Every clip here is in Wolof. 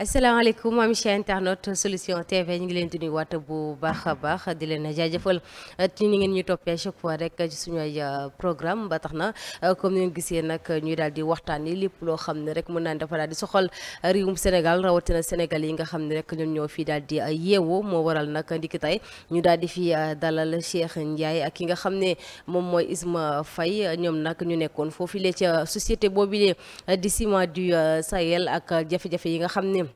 asalaamaaleykum am chers internautes solution TV ñu ngi leen di nuyuwaat bu baax a baax di leen jaajëfal ci ni ngeen ñu toppee chaque fois rek ci suñu ay euh, programme na euh, comme ni ngeen gisee nag ñuy daal di waxtaan yi lépp loo xam ne rek mën naan dafa daal di soxal euh, réewum Sénégal rawatina Sénégal yi nga xam ne rek ñoom ñoo fii daal di yeewu moo waral nag ndiki tey ñu daal di fi dalal Cheikh Ndiaye ak yi nga xam ne moom mooy Isma Faye ñoom nag ñu nekkoon foofu le ca société boobu di ciment du Sahel ak jafe-jafe yi nga xam ne.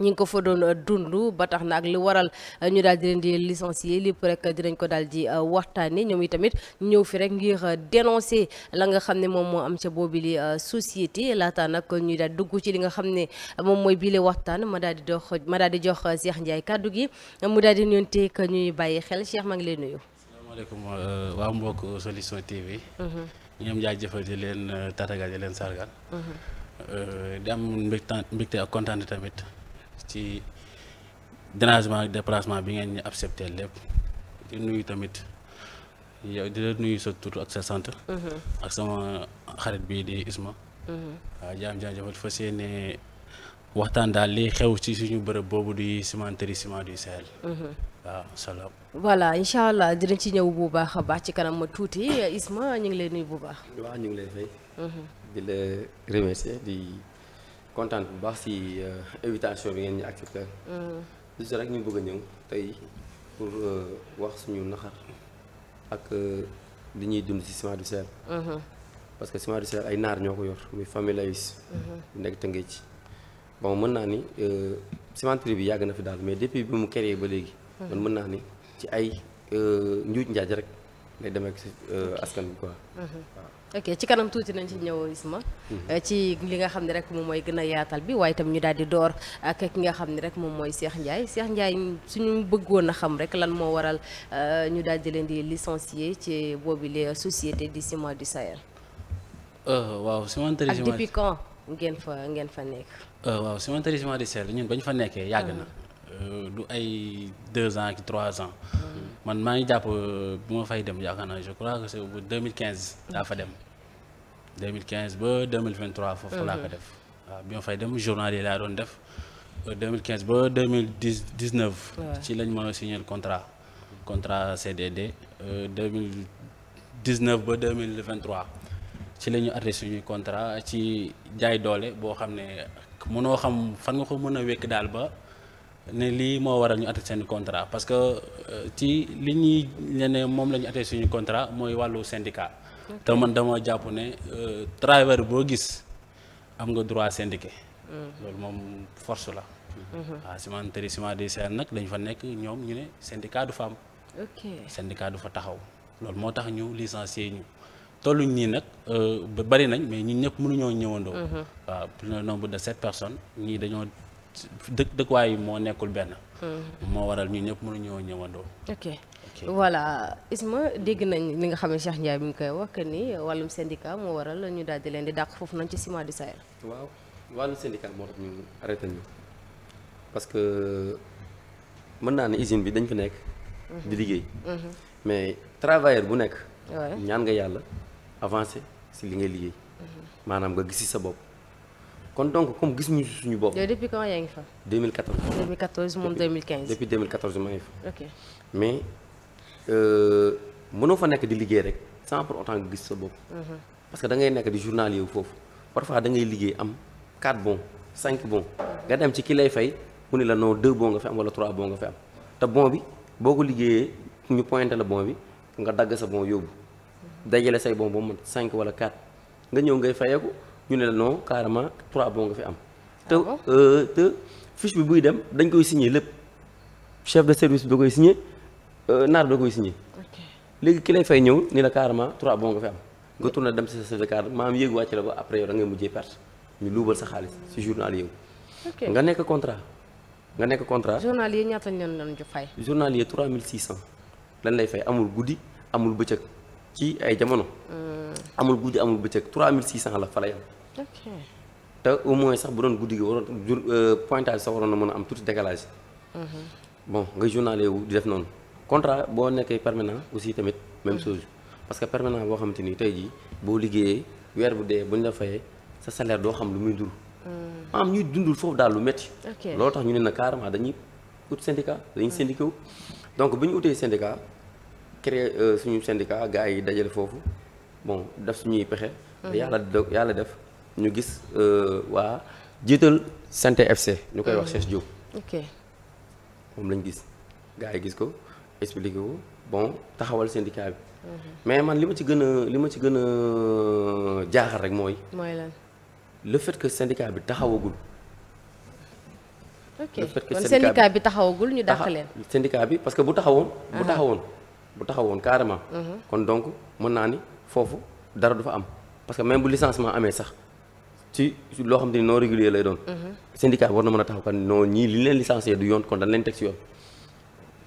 ñi ngi ko fa doon euh, dund ba tax na ak li waral euh, ñu daal di leen di licencier lépp rek dinañ ko daal di euh, waxtaanee ñoom itamit ñëw fi rek ngir dénoncer la nga xam ne moom moo am ca boobu li société laata nag ñuy daal dugg ci li nga xam ne moom mooy bile waxtaan ma daal di dox ma daal di jox Cheikh Ndiaye kàddu gi mu daal di nuyontee que ñuy bàyyi xel Cheikh maa ngi lay nuyu. asalaamaaleykum waa mbokk solution TV. Mhm. ñoom jaajëfal di leen tatagal di leen ci dérangement ak déplacement bi ngeen ñu accepté lépp di nuyu tamit yow di la nuyu sa tur ak sa sant. Mm-hmm. ak sama xarit bii di Isma. Mm-hmm. waaw jaam jaajëfal fas yéene waxtaan daal li xew ci suñu bërëb boobu di cimenterie Ciments du Sahel. Mm-hmm. waaw salaam. voilà incha allah dinañ ci ñëw bu baax a baax ci kanam ma tuuti Isma ñu ngi lay nuyu bu baax. waaw ñu ngi lay kontaan bu baax si euh, invitation bi ngeen ñu accepté. Mm. juste rek ñu bëgg a ñëw tey pour euh, wax suñu naxar ak euh, li ñuy dund si ciment du Sahel. Mm-hmm. parce que ciment du ay naar ñoo ko yor muy famille Layus. Mm-hmm. nekk Tëngéej ci bon mën naa ni cimenterie bi yàgg na fi daal mais depuis bi mu créé ba léegi. Mm-hmm. man mën naa ni ci ay njuuj njaaj rek lay demee ak askan bi quoi. ok ci kanam tuuti nañ ci ñëw Isma mhm. ci li nga xam ne rek moom mooy gën a yaatal bi waaye itam ñu daal di door ak ki nga xam ne rek moom mooy Cheikh seex Cheikh Ndiaye suñu bëggoon a xam rek lan moo waral euh, ñu daal di leen di licencier ci boobu les di du ciment du Sahel. Euh, waaw cimenterie ak depuis quand ngeen fa ngeen fa nekk. Euh, waaw cimenterie ciment du ñun ba ñu fa nekkee yàgg na. Ah. du ay deux ans ak trois ans. Mm. man maa ngi jàpp euh, bu fay dem yaakaar naa je crois que c'est bu 2015 laa fa dem 2015 ba 2023 foofu laa ko mhm. def waaw bi ma fay dem journal yi laa doon def 2015 euh, ba 2019 ci lañ mën a signé contrat contrat CDD 2019 euh, ba 2023 ci la ñu arrêté suñuy contrat ci jaay doole boo xam ne mënoo xam fan nga ko mën a wékk daal ba ne lii moo waral ñu atte seeni contrat parce que euh, ci li ñuy ne moom la ñu atte suñu contrat mooy wàllu syndicat. te man dama jàpp ne travailleur boo gis am nga droit syndiqué. Mm. loolu moom force la. waaw mm-hmm. ah, cimenterie ciment des serres nag dañ fa nekk ñoom ñu ne syndicat du fa am. ok du fa taxaw loolu moo tax ñu licencié ñu. tolluñ nii nag euh, ba bari nañ mais ñu ñëpp mënuñoo ñëwandoo. Mm-hmm. waaw plus le nombre de sept personnes ñii dañoo dëkk dëkkuwaay yi moo nekkul benn. Mm-hmm. moo waral ñu ñëpp mënuñoo ñëwandoo. ok voilà Isma dégg nañ li nga xam ne Cheikh Ndiaye ngi koy wax que ni wàllum syndicat moo waral ñu daal di leen di dàq foofu nañ ci Ciments du Sahel. waaw wàllum syndicat moo tax ñu arrêté ñu parce que mën naa ne usine bi dañ fa nekk. Mm-hmm. di liggéey. Mm-hmm. mais travailleur bu nekk. ñaan nga yàlla avancé si li ngay liggéey. maanaam nga gis si sa bopp. kon donc comme gis ñu suñu bopp. yooyu depuis quand yaa ngi fa. 2014. 2014 moom 2015. depuis 2014 maa ngi fa. ok mais euh, mënoo fa nekk di liggéey rek sans pour autant gis sa bopp. Mhm. parce que da ngay nekk di journalier wu foofu parfois da ngay liggéey am 4 bons 5 bons nga dem ci ki lay fay mu ne la non 2 bons nga fi am wala 3 bons nga fi am te bon bi boo ko liggéeyee ñu pointé la bon bi nga dagg sa bon yóbbu mhm. dajale say bon ba mu 5 wala 4 nga ñëw ngay fayeeku. ñu ne la non carrément trois bons nga fi am. Ah te euh, te fiche bi buy dem dañ koy signer lépp chef de service bi da koy signer euh, naar bi da koy signer. léegi ki lay fay ñëw ni la carrément trois bons nga fi am nga tourné dem si sa certificat maam yéegu wàcc la ba après yow da ngay mujjee perte ñu luubal sa xaalis si journal yow. nga nekk contrat. nga nekk contrat journalier ñaata lañ leen doon fay. journalier 3600 lan lay fay amul guddi amul bëccëg ci ay jamono. Hmm. amul guddi amul bëccëg 3600 la fa la yem. ok te au moins sax bu doon guddi gi waroon jur euh, pointage sax waroon na mën a am tuuti décalage. Mhm. bon nga journalier wu di def noonu. contrat boo nekkee permanent aussi tamit même mhm. chose parce que permanent boo xamante ni tey jii boo liggéeyee weer bu dee bu ñu la fayee sa salaire doo xam lu muy dur. maanaam mhm. ñuy dundul foofu daal lu métti. loo tax ñu ne na carrément dañuy ut syndicat dañuy syndiqué donc bu ñu utee syndicat créé euh, suñu syndicat gars foofu. bon su ñuy pexe. Mhm. yàlla do yàlla def ñu gis euh, waa jiital Sante FC. ñu koy wax mhm. Cheikh Diop. ok moom lañ gis gaa yi gis ko expliqué ko bon taxawal syndicat bi. Mhm. mais man li ma ci gën a li ma ci gën a euh, jaaxal rek mooy. mooy lan le fait que syndicat bi taxawagul. ok kon syndicat bi taxawagul ñu dàq leen. syndicat bi parce que bu taxawoon. bu ah. taxawoon bu taxawoon carrément. kon donc mën naa ni. foofu dara du fa am parce que même bu licenciement amee sax ci loo xam te ni non régulier lay doon. Mhm. syndicat war na mën a taxaw kan non ñii li leen licencié du yoon kon dañ leen teg ci yoon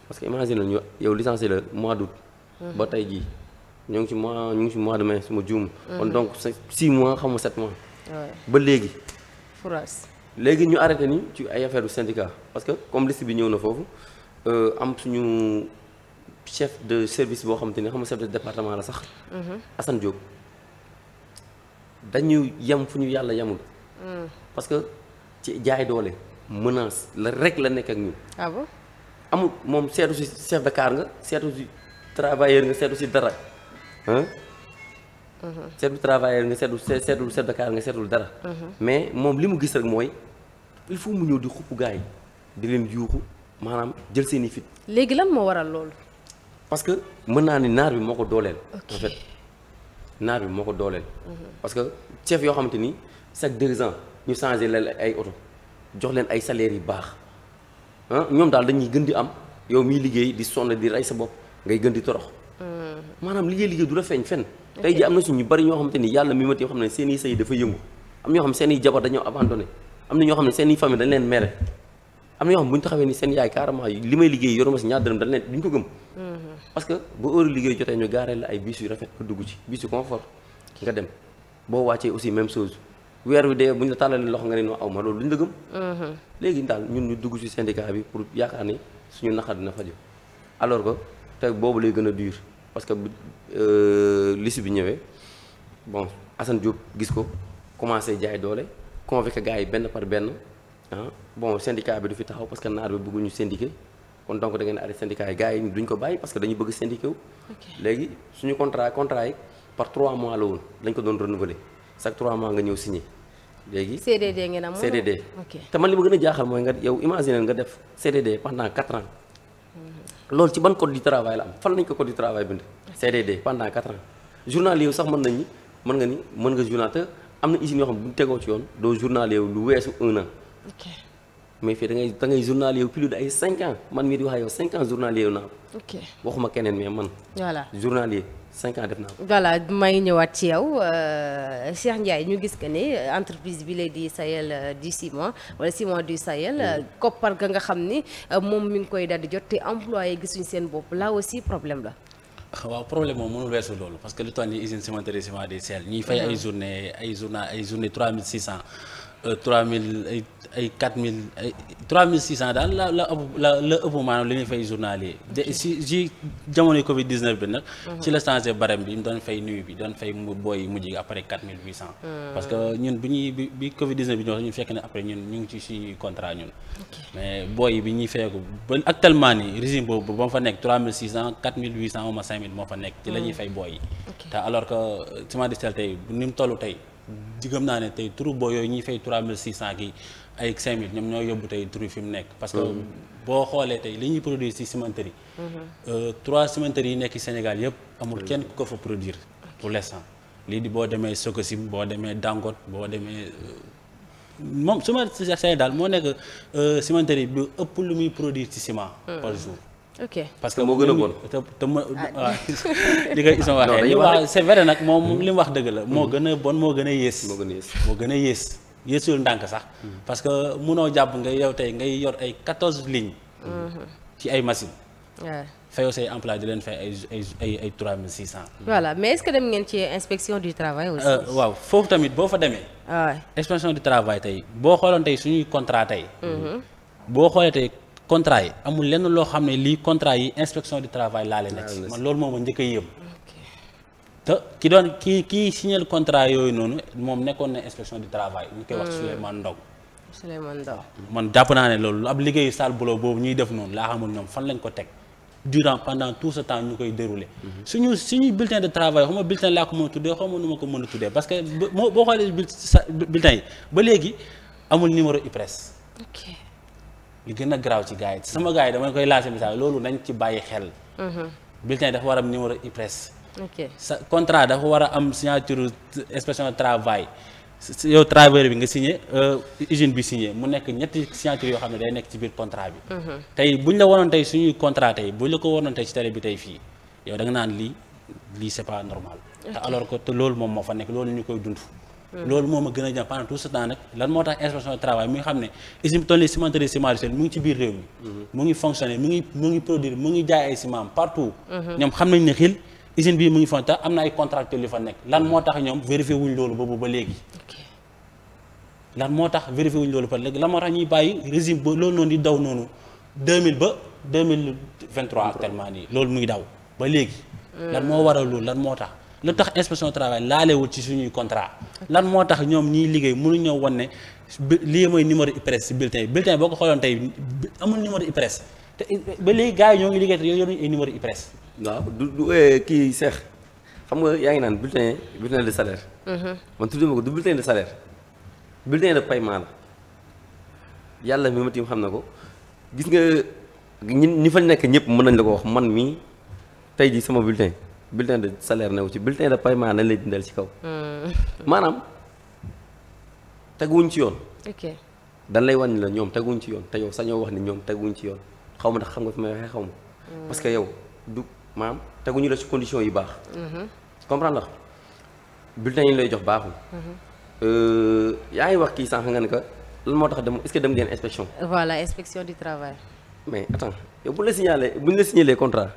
parce que imagine ñu yow licencié la mois d' ba mhm. tey jii ñu ngi ci mois de mai suma juum. Mhm. kon donc six mois xam nga mois. ba léegi. léegi ñu arrêté ni ci ay affaire du parce que comme liste bi ñëw na foofu euh, am suñu. chef de service boo xam nga chef de département la sax. Mhm. Assane Diop dañu yem fu ñu yàlla yemul. Mhm. parce que ci jaay doole menace la rek la nekk ak ñun. Ah amul moom seetu si chef de car nga seetu si travailleur nga seetu si dara ah. seetu travailleur nga seetu seetul chef de car nga seetul dara. mais moom li mu gis rek mooy il faut mu ñëw di xupp gars di leen yuuxu maanaam jël seen fit. léegi lan moo waral loolu. parce que mën naa ni naar bi moo ko dooleel. en fait naar bi moo ko dooleel. Mhm. parce que chef yoo xamante ni chaque deux ans ñu changé leen ay oto jox leen ay salaire yu baax ah ñoom daal dañuy gën di am yow miy liggéey di sonn di rey sa bopp ngay gën di torox. Mhm. maanaam liggéey liggéey du la feeñ fenn. tey jii am na suñu bari ñoo xamante ni yàlla mi xam ne seen i sëy dafa yëngu am ñoo xam seen i jabar dañoo abandonné am na ñoo xam ne seen i famille dañ leen mere. am na yoo xam bu ñu taxawee ni seen yaay carrément li may liggéey yoruma si ñaar dërëm dañ leen duñ ko gëm mm-hmm. parce que bu heure liggéey jotee ñu gaaree la ay bus yu rafet nga dugg ci bus yu confort ki nga dem boo wàccee aussi même chose weer wi de bu ñu la tàllalee loxo nga ne noo aw ma loolu duñ la gëm mm-hmm. léegi daal ñun ñu dugg ci syndicat bi pour yaakaar ni suñu naqar dina faju alors que tey boobu lay gën a dur parce que euh, liste bi ñëwee bon assan Diop gis ko commencé jaay doole convoqué gars yi par benn ah bon syndicat bi du fi taxaw parce que naar bi bëgguñu syndiqué kon donc da ngeen arrêté syndicat yi duñ ko bàyyi parce dañu bëgg syndiqué léegi suñu contrat contrat yi par 3 mois la woon dañ ko doon renouveler chaque 3 mois nga ñëw signé. léegi CDD ngeen am CDD te man li ma gën a jaaxal mooy nga yow imaginer nga def CDD pendant 4 ans. Mhm. loolu ci ban code du travail la am fan lañ ko code du travail bind. CDD pendant 4 ans journal yow sax mën nañ ni mën nga ni mën nga journal am na usine ci yoon doo journal yow lu weesu un ok mais fii da ngay da ngay journal yow plus de ay cinq ans man mii di wax yow cinq ans journal yow naa ok waxuma keneen mais man. voilà journalier cinq ans def ci yow euh, Cheikh Ndiaye ñu gis que ni entreprise bi lay di Sahel euh, du ciment wala ciment du Sahel. Euh, mm. xam ni moom mi ngi koy daal di la. Ah, waaw problème moom mënul weesu loolu parce que lu tax ni usine cimenterie ciment du ñuy fay mm-hmm. ay journée ay journée trois mille six cent. Euh, trois mille ay ay quatre mille ay trois mille six cent daal la la ëpp la la ëpp maanaam li ñuy fay journalier de si si jamonoy Covid 19 bi nag. Mhm. ci la changé barème bi mu doon fay nuit bi doon fay mu booy mujj après quatre mille huit cent. Hmm. parce que ñun bi ñu bi bi Covid 19 bi ñu wax ñu fekk ne après ñun ñu ngi ci suñuy contrat ñun. mais booy bi ñuy fayeeku ba actuellement nii régime boobu ba mu fa nekk trois mille six cent quatre mille huit cent ou nekk. ci hmm. fay booy yi. te alors que euh, tey. di gëm naa ne tey turu boo yooyu ñuy fay 3600 kii ay 5000 ñoom ñoo yóbbu tey turu fi mu nekk. parce que mm-hmm. boo xoolee tey li ñuy produire ci cimenterie yi. Mm-hmm. Euh, 3 cimenterie yi nekk Sénégal yëpp amul mm-hmm. kenn ku ko fa produire pour l'instant lii di boo demee Sococim boo demee Dangote boo demee. Euh, moom su ma seet daal moo nekk euh, cimenterie bi ëpp lu muy produire ci ciment mm. par jour. ok parce que moo gën a bon te te ma ah. waaw li koy wax dëgg la moo mm-hmm. gën a bon moo gën a yées moo gën a yées moo gën a yées yéesul ndànk sax mm-hmm. parce que munoo jàpp nga yow tey ngay yor ay quatorze lignes mm-hmm. ci ay machine fayoo say employé di leen fay ay ay ay ay trois mille six cent voilà mais est-ce dem ngeen ci inspection du travail aussi. Euh, waaw foofu tamit boo fa demee. waaw inspection du travail tey boo xooloon tey suñuy contrat tey. boo xoolee tey. contrat yi amul lenn loo xam ne lii contrat yi inspection du travail laa leen ah, ci man loolu moom ma njëkk a yëm te ki doon ki kii signé contrat yooyu noonu moom nekkoon na inspection du travail ñu koy wax hmm. Souleymane Ndong Souleymane Ndong man jàpp naa ne loolu ab liggéeyu sale boulot boobu ñuy def noonu laa xamul ñoom fan lañ ko teg durant pendant tout ce temps ñu koy su déroulé hmm. suñu suñuy bulletin de travail xaw ma bulletin laa ko mën tuddee xaw ma ma ko mën a tuddee parce que boo xoolee bulletin yi ba léegi amul numéro IPRES li gën a garaaw ci gars yi sama gars yi damay koy laajte misaal loolu nañ ci bàyyi xel. Mhm. bulletin dafa war a am numéro IPRES. ok sa contrat dafa war a am signature inspection travail. yow travailleur bi nga signé euh, usine bi signé mu nekk ñetti signature yoo xam ne day nekk ci biir contrat bi. Mhm. tey buñ la wanoon tey suñuy contrat tey buñ la ko wanoon tey ci télé bi tey fii yow da naan lii lii c'est pas normal. te alors que te loolu moom moo fa nekk loolu ñu koy dund. Hmm. loolu moo ma gën a jàpp pendant tout ce temps lan moo tax inspection du travail mu ngi xam ne usine toll ni cimenterie ciment mu ngi ci biir réew mi hmm. mu ngi fonctionner mu ngi mu ngi produire mu ngi jaay ay ciment partout hmm. ñoom xam nañ ne xil usine bii mu ngi fa tax am na ay contracteurs yu fa nekk lan moo tax ñoom vérifié wuñ loolu boobu ba léegi lan moo tax vérifié wuñ loolu ba léegi lan moo tax ñuy bàyyi régime ba loolu noonu di daw noonu 2000 ba 2023 actuellement nii loolu muy daw ba léegi moo waral loolu lan moo tax lu tax inspection travail laalewul ci suñuy contra lan moo tax ñoom ñiy liggéey mënuñoo wan ne lii mooy numéro IPRES si bulletin yi bulletin boo ko xooloon tey amul numéro IPRES te ba léegi gars yi ñoo ngi liggéey te yow yoruñu ay numéro IPRES. waaw du du eh, kii Cheikh xam nga yaa ngi naan bulletin bulletin de salaire. Mhm. man tudduma ko du bulletin de salaire bulletin de paiement yàlla mi ma tiim xam na ko gis nga ñi ñi fa nekk ñëpp mën nañ la ko wax man mii tey jii sama bulletin. bulletin de salaire newu ci bulletin de paiement nañ lay dindal ci kaw. Hmm. maanaam teguwuñ ci yoon. ok ci yoon te yow sañoo wax ni ñoom teguwuñ ci yoon xaw ma ndax xam nga fi may waxee xaw ma. Hmm. parce la ci hmm. yi lay jox baaxul. Euh, yaa ngi wax kii sànq nga ne que lan moo tax dem est-ce que dem ngeen inspection. voilà inspection du travail. mais ñu la signalé bu ñu la signalee contrat.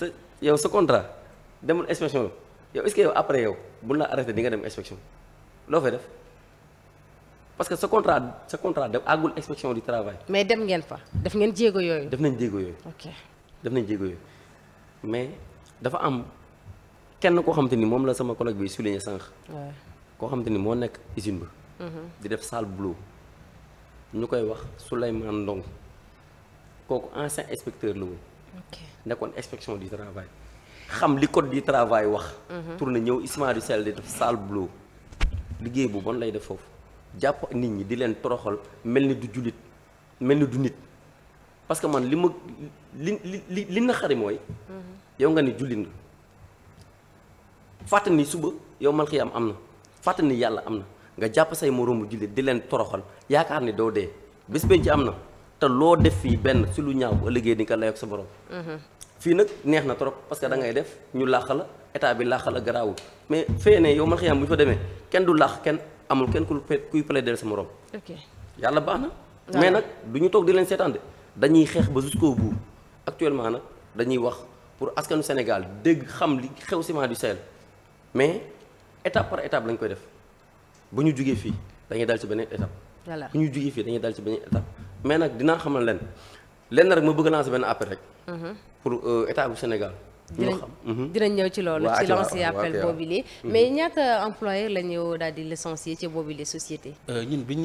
sa sa contrat. demul inspection yow est que yow après yow buñ la arrêté di nga dem inspection loo fay def parce que sa contra sa contra def àggul inspection du travail. mais dem ngeen fa def ngeen jéego yooyu. def nañ jéego yooyu. ok def nañ jéego mais dafa am kenn koo xamante ni moom la sama collègue bi souligné sànq. koo xamante ni moo nekk usine ba. Mhm. di def sale boulot ñu koy wax Souleymane Ndong kooku ancien inspecteur la woon. ok nekkoon inspection du travail. xam li code du travail wax. Mhm. na ñëw Ismaël Sall di def sale boulot liggéey bu bon lay def foofu jàpp nit ñi di leen toroxal mel ni du jullit mel ni du nit parce que man li ma li li li na xari mooy. Mhm. yow nga ni jullit nga fàttali ni suba yow mal xiyaam am na fàttali ni yàlla am na nga jàpp say moroomu jullit di leen toroxal yaakaar ni doo dee bés benn ci am na te loo def fii benn si lu ñaaw bu ëllëgee di nga lay ak sa borom. Mhm. fii nag neex na trop parce que da ngay def ñu làq la état bi làq la garaawul mais fee ne yow man xiyaam bu ñu fa demee kenn du làq kenn amul kenn ku lu pe kuy plaider sa morom. ok yàlla baax na. mais nag du ñu toog di leen seetaan de dañuy xeex ba su jusqu'au bout actuellement nag dañuy wax pour askanu Sénégal dégg xam li xew ciment du Sahel mais étape par étape lañ koy def bu ñu jugee fii dañuy dal ci beneen étape. voilà ñu jugee fii dañuy dal ci beneen étape mais nag dinaa xamal leen. lenn rek ma bëgg lancer benn appel rek. Mhm. pour euh, état bu Sénégal. ñu mhm. ñëw ci loolu. ci lancer appel boobu mhm. mais ñaata employé la ñu daal di licencier ci boobu les société euh, ñun bi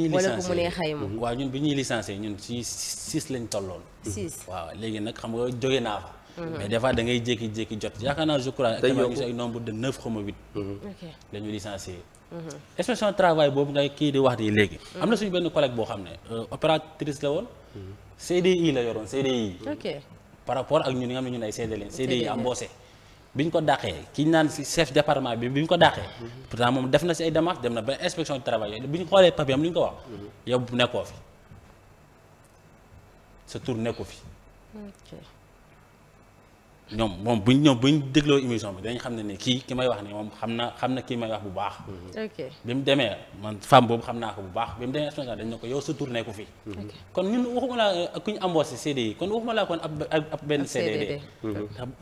ñuy licencier ñun ci six lañ tolloon. six waaw léegi nag xam nga jóge naa fa. mais des fois da ngay jékki-jékki jot yaakaar naa je crois. tey yow ay nombre de neuf xaw ma huit. ok la ñu licencier. inspection travail boobu ngay kii di wax nii léegi. am na suñu benn collègue boo xam ne euh, opératrice la woon. CDI la yoroon CDI. par rapport ak ñun nga xam ne ñun ay CD leen CDI embauché bi ñu ko dàqee ki ñu naan si chef département bi bu ñu ko dàqee. Mhm. pourtant moom def na si ay démarches dem na ba inspection du travail bi ñu xoolee papier lu ñu ko wax. Mhm. yow nekkoo fi sa tur nekku fi. ñoom moom buñ ñoom buñ dégloo émission bi dañ xam ne ne kii ki may wax ne moom xam na xam na kii may wax bu baax. ok bi man femme boobu xam naa bu baax bi mu dañ ne ko yow sa tournée ko fi. kon ñun waxuma laa euh, ku ñu embauché CDI kon waxuma laa kon ab ab benn. CDD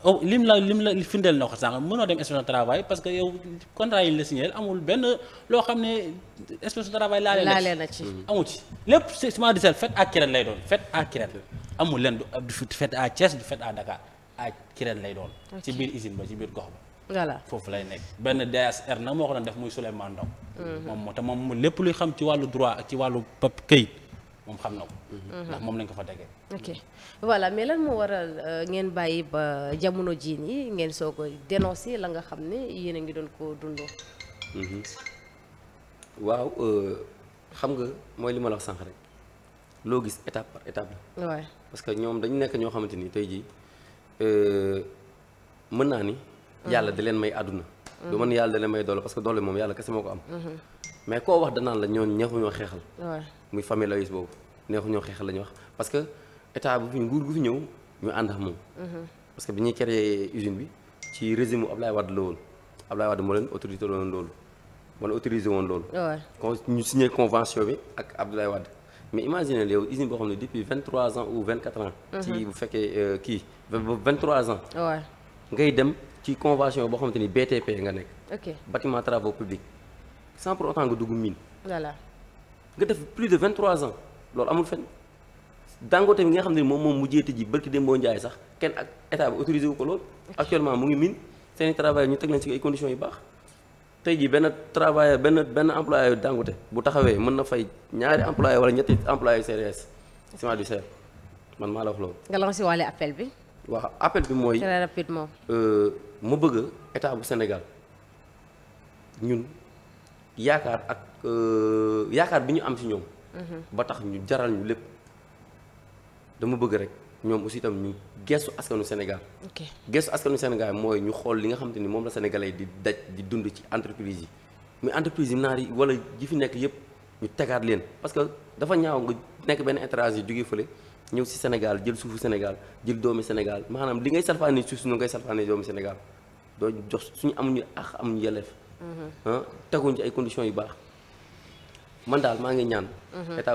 oh, la lim la findeel na ko sànq mënoo dem inspection travail parce que yow contrat yi ñu la amul benn loo xam ne inspection travail. laale na ci mm-hmm. amul ci lépp semence de sel fait à Kirène lay doon fait à amul leen du du fait à Thiès du fait à Dakar. aaj kireen lay doon. ci biir usine ba ci biir gox ba. voilà foofu lay nekk benn DSR na moo ko doon def muy Souleymane Ndaw mhm. moom moo tax moom lépp luy xam ci wàllu droit ci wàllu pap këyit moom xam na ko. Mhm. moom lañ ko fa tegee. ok voilà mais lan moo waral euh, ngeen bàyyi ba jamono jii nii ngeen soog a dénoncé la nga xam ne yéen a ngi doon ko dundoo. Mhm. waaw euh, xam nga mooy li ma la rek loo gis étape par étape la. parce que ñoom dañu nekk ñoo xamante ni tey jii. Euh, mën naa ni. yàlla di leen may àdduna. du man yàlla da leen may doole parce que doole moom yàlla kese moo ko am. mais koo wax danaan la ñoo neexuñoo xeexal. muy famille laïs boobu neexuñoo xeexal la wax parce que état bu fi nguur gu fi ñëw ñu ànd ak moom. Mhm. parce que bi ñuy créé usine bi ci régime Ablaye Wade la woon Ablaye Wade moo leen autorité woon loolu moo leen autorisé woon loolu. kon ñu signé convention bi ak Abdoulaye Wade. mais imaginez yow usine boo xam ne depuis vingt trois ans ou vingt quatre ans. Mhm. ci bu fekkee euh, kii vingt trois ans. waaw ngay dem ci convention boo xamante ni BTP nga nekk. ok bâtiment travaux publics sans pour autant nga dugg mine. voilà nga def plus de vingt trois ans loolu amul fenn. Dangote bi nga xam ne moom moom mu tëj ji barki Demba Ndiaye sax kenn ak état bi autorisé wu ko lool actuellement mu ngi mine seen i ñu teg nañ si ay conditions yu baax. tey jii benn travailleur benn benn employé Dangote bu taxawee mën na fay ñaari employé wala ñetti employé CDS ciment du Sahel man maa la wax loolu. nga lancé waale appel bi. waaw appel bi mooy. très rapidement. Euh, mu bëgg état bu Sénégal ñun yaakaar ak euh, yaakaar bi ñu am ci ñoom. Mhm. ba tax ñu jaral ñu lépp. dama bëgg rek ñoom aussi tam ñu gestu askanu Sénégal. ok gestu askanu Sénégal mooy ñu xool li nga xam ni moom la sénégalais di daj di dund ci entreprise yi mais entreprise yi naar yi wala ji fi nekk yëpp ñu tegaat leen parce que dafa ñaaw nga nekk benn étranger jógee fële ñëw si Sénégal jël suufu Sénégal jël doomi Sénégal maanaam li ngay salfaani suuf si ñu ngay salfaani doomi Sénégal doo jox suñu amuñu ax amuñu yelleef. Mhm. Ah, teguñ ci ay conditions yu baax man daal maa ngi ñaan. Mhm. état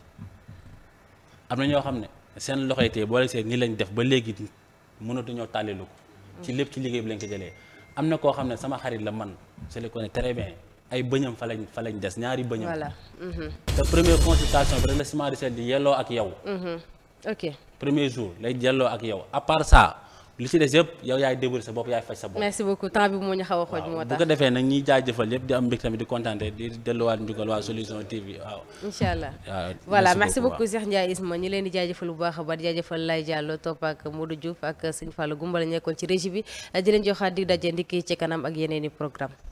am na ñoo xam ne seen loxo yi tey boo gisee nii lañ def ba léegi mënatuñoo tàllilu ko ci lépp ci liggéey bi lañ ko jëlee am na koo xam ne sama xarit la man je le connais très bien ay bëñam fa lañ fa lañ des ñaari bëñam. voilà. Mhm. te première consultation bi rek la semence di yelloo ak yow. Mhm. ok premier jour lay yelloo ak yow à part ça. li ci des yëpp yow yaay débrouiller sa bopp yaay faj sa bopp. merci beaucoup temps bi moo ñu xaw xooj moo tax bu ko defee nag ñiy jaajëfal yëpp di am mbég tamit di kontaante di delluwaat njukkal waa solution TV waaw. incha allah voilà merci beaucoup Cheikh Ndiaye Isma ñu leen di jaajëfal bu baax a baax di jaajëfal Lay Diallo topp ak Modou Diouf ak Sëñ Fallou Gumbala nekkoon ci régie bi di leen di daje ndikki ci kanam ak yeneen i programme